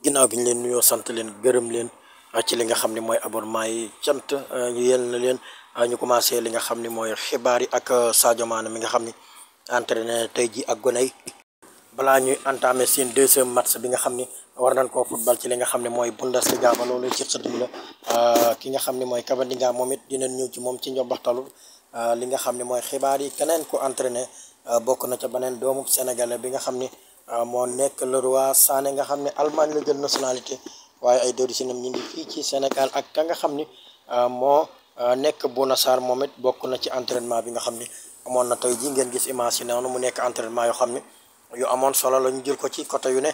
ginnaaw bi ñu leen nuyoo sant leen gërëm leen ah, ci li nga xam ne mooy abonnement yi cant ah, ñu yel na leen ah, ñu commencé li nga xam ni mooy xibaar yi ak Sadio Mané mi nga xam ne entraîné tey jii ak gone yi balaa ñuy entamé seen deuxième match bi xam ne war nañ koo football ci li nga xam ne mooy Bundesliga ba loolu ci xëtum la ki nga xam ne mooy Camavinga moom it dinañ ñëw ci moom ci njobbaxtalu li nga xam ne mooy xibaar yi keneen ku entraîné bokk na ca beneen doomu Sénégalais bi nga xam ni Ah, moo nekk Leroy Sané nga xam ne Allemagne la jël nationalité waaye ay d'origine am ñu ngi fii ci Sénégal ak ka nga xam ni ah, moo ah, nekk Bouna Sarr moom it bokk na ci entraînement bi nga xam ni amoon na tey jii ngeen gis image yi noonu mu nekk entraînement yoo xam ni yu amoon solo la ñu jël ko ci côté yu ne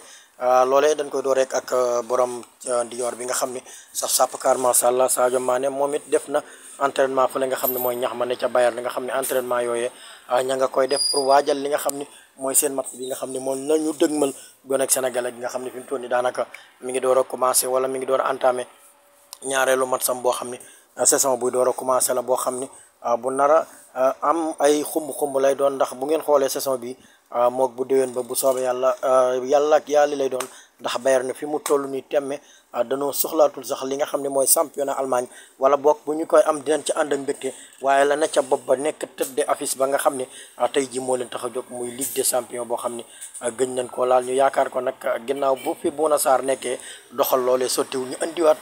loolee dañ koy door rek ak borom dior bi nga xam ni saf sàppkaar macha allah Sadio Mané moom it def na entraînement fële nga xam ne mooy ñax ma ne ca Bayern li nga xam ne entraînement yooyee ña nga koy def pour waajal li nga mooy seen match bi nga xam ne moom nañu dëgmal gone ak sénégalais gi nga xam ne fi mu toll nii daanaka mi ngi door a commencé wala mi ngi door a entamé ñaareelu match sam boo xam ne euh, saison buy door a commencé la boo xam ne euh, bu nara euh, am ay xumb-xumb lay doon ndax bu ngeen xoolee saison bi mook bu déwén ba bu soobee yàlla yàlla ak yàlla lay doon ndax na fi mu toll nii temme ah, danoo soxlaatul sax li nga xam ne mooy championnat Allemagne wala boog bu ñu koy am dinañ ca ànd ak mbégte waaye la na ca ba nekk tête d'affiche ba nga xam ne ah, tey ji moo leen tax a jóg muy Ligue des champions boo xam ne ah, gëñ nañ ko laal ñu yaakaar ko nag ginnaaw bu fi Bouna Sarr nekkee doxal loolee sottiwu ñu indiwaat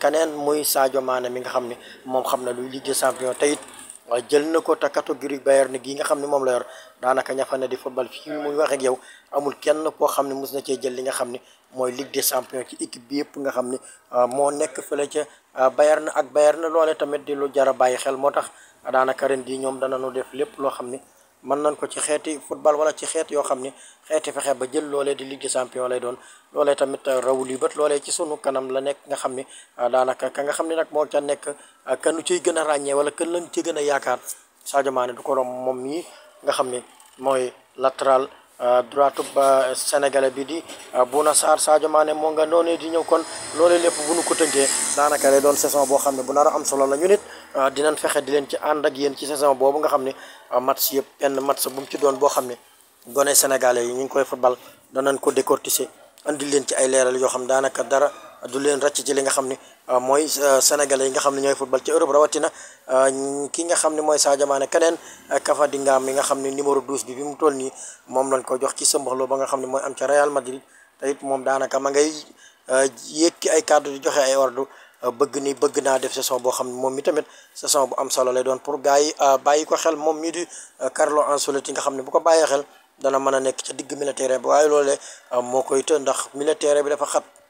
keneen muy Sadio Mané mi nga xam ne moom xam na luy Ligue des champions tey jël na ko te catégorie Bayern gii nga xam ne moom la yor daanaka ña fa ne di football fii muy wax ak yow amul kenn koo xam ne mos na cee jël li nga xam ni mooy Ligue des champions ci équipe bi yëpp nga xam ni euh, moo nekk fële ca euh, na ak Bayern loole tamit di lu jar a bàyyi xel moo tax daanaka ren di ñoom dana danañu def lépp loo xam ni mën nañ ko ci xeeti football wala ci xeet yoo xam ni xeeti fexe ba jël loolee di ligue des lay doon loolee tamit rawu lii bët loolee ci sunu kanam la nekk nga xam ni ah, daanaka ka nga xam ne nag moo ca nekk ah, kanu ciy gën a ràññee wala kan lañ ci gën a yaakaar Sadio Mané du ko rom moom mii nga xam ni mooy latral ah, droite ba sénégalais bi di na Sarr Sadio Mané moo nga noonee di ñëw kon loolee lépp bu nu ko tënkee daanaka lay doon saison boo xam ne bu nar am solo la nit Ah, dinañ fexe di leen ci ànd ak ci saison boobu nga xam ne ah, mat yëpp benn match bu mu ci doon boo xam ne gone sénégalais yi ñu ngi koy football danañ ko décortiquer andi leen ci ay yoo xam daanaka dara du leen ràcc ci li nga xam ni ah, mooy sénégalais yi nga xam ne ñooy football ci Europe rawatina ki nga xam ne mooy Sadio Mané keneen Kafadi Ngam mi nga xam ne numéro 12 bi bi mu toll nii moom lañ ko jox ci sëmbaxloo ba nga xam ne mooy am ca Real Madrid te it moom daanaka ma ngay yéeg ay cadre di joxe ay ordre bëgg ni bëgg naa def saison boo xam ne moom mi tamit saison bu am solo lay doon pour gars yi euh, bàyyi ko xel moom mi di euh, Carlo Ancelotti nga xam ne boo ko bàyyee xel dana mën a nekk ca digg militaire bi waaye loolee euh, moo koy të ndax militaire bi dafa xat